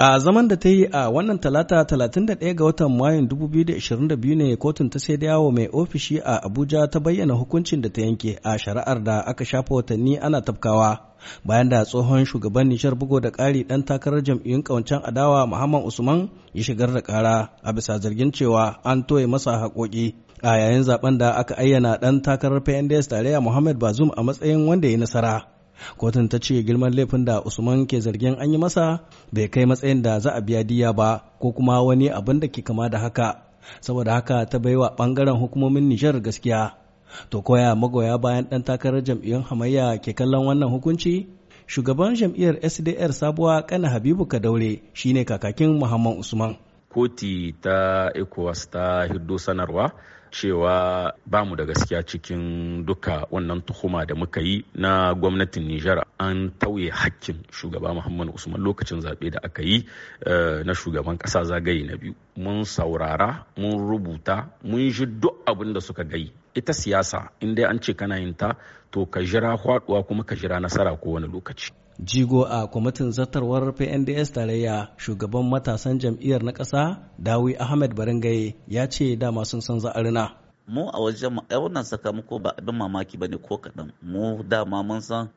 A zaman da ta yi a wannan talata 31 ga watan Mayun 2022 ne kotun ta sai da yawo mai ofishi a Abuja ta bayyana hukuncin da ta yanke a shari'ar da aka shafa watanni ana tafkawa bayan da tsohon shugaban Nijar bugo da ƙari ɗan takarar jam'iyyun ƙawancen adawa Muhammad Usman ya shigar da ƙara a bisa zargin cewa an toye masa haƙoƙi a yayin zaben da aka ayyana ɗan takarar PNDS tarayya Muhammad Bazum a matsayin wanda ya nasara. kotun ta ce girman laifin da usman ke zargin an yi masa bai kai matsayin da za a biya diya ba ko kuma wani abin da ke kama da haka saboda haka ta baiwa bangaren hukumomin nijar gaskiya to koya magoya bayan dan takarar jam'iyyun hamayya ke kallon wannan hukunci shugaban jam'iyyar sdr sabuwa kana habibu kadaure shine kakakin muhammad usman koti ta ecowas ta hiddo sanarwa cewa ba mu da gaskiya cikin duka wannan tuhuma da muka yi na gwamnatin Nijar an tauye hakkin shugaba Muhammadu Usman lokacin zaɓe da aka yi eh, na shugaban ƙasa zagaye na biyu. Mun saurara, mun rubuta, mun ji duk abin da suka gai. Ita siyasa, in dai an ce kana yin ta, to ka jira kwaɗuwa kuma ka jira nasara ko wani lokaci. jigo a kwamitin zartarwar pnds tarayya shugaban matasan jam'iyyar na ƙasa dawi ahmed baringaye ya ce dama sun san mu a wajen mu wannan sakamako ba abin mamaki ba ne ko kaɗan mu dama mun san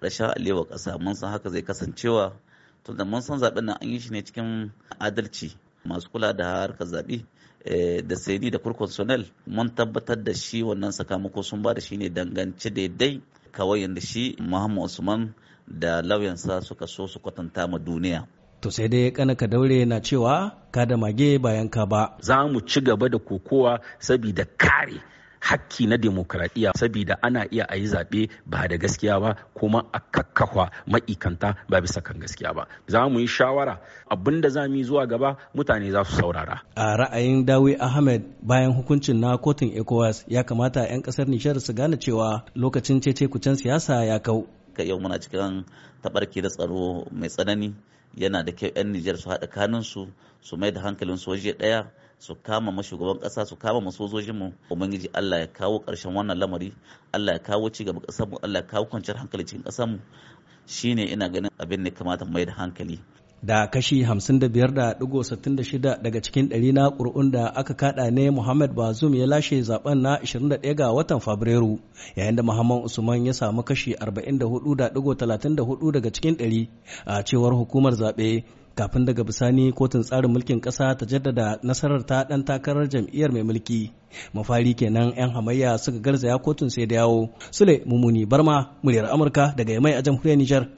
ƙarshen alewa ƙasa mun san haka zai kasancewa tunda mun san zaɓen nan an yi shi ne cikin adalci masu kula da harkar zaɓe eh, da saini da kurkonsonel mun tabbatar da shi wannan sakamako sun ba da shi ne dangance daidai kawai yadda shi muhammad usman da lauyansa suka so su kwatanta ma duniya To sai dai kanaka daure na cewa ka da mage bayan ka ba. Za mu ci gaba da kokowa saboda kare hakki na demokradiyya saboda ana iya a yi zaɓe ba da gaskiya ba kuma a kakkawa ma'ikanta ba bisa kan gaskiya ba za mu yi shawara abin da za mu yi zuwa gaba mutane za su saurara a ra'ayin dawi ahmed bayan hukuncin na kotun ecowas ya kamata 'yan kasar nishar su gane cewa lokacin cece kucen siyasa ya kau ka yau muna cikin tabarki da tsaro mai tsanani yana da kyau 'yan Nijar su haɗa kanunsu su mai da hankalin soje ɗaya su kama mashugaban ƙasa su kama kuma ubangiji Allah ya kawo ƙarshen wannan lamari Allah ya kawo ci gaba ƙasarmu Allah ya kawo kwanciyar hankali cikin ƙasarmu shine ina ganin abin ne kamata mai da hankali da kashi 55.66 daga cikin ɗari na ƙuri'un da aka kaɗa ne Muhammad Bazum ya lashe zaben na 21 ga watan Fabrairu yayin da Muhammad Usman ya samu kashi 44.34 daga cikin ɗari a cewar hukumar zaɓe kafin daga bisani kotun tsarin mulkin ƙasa ta jaddada nasarar ta ɗan takarar jam'iyyar mai mulki mafari kenan 'yan hamayya suka garzaya kotun sai da yawo sule mumuni barma muryar amurka daga yamai a jamhuriyar nijar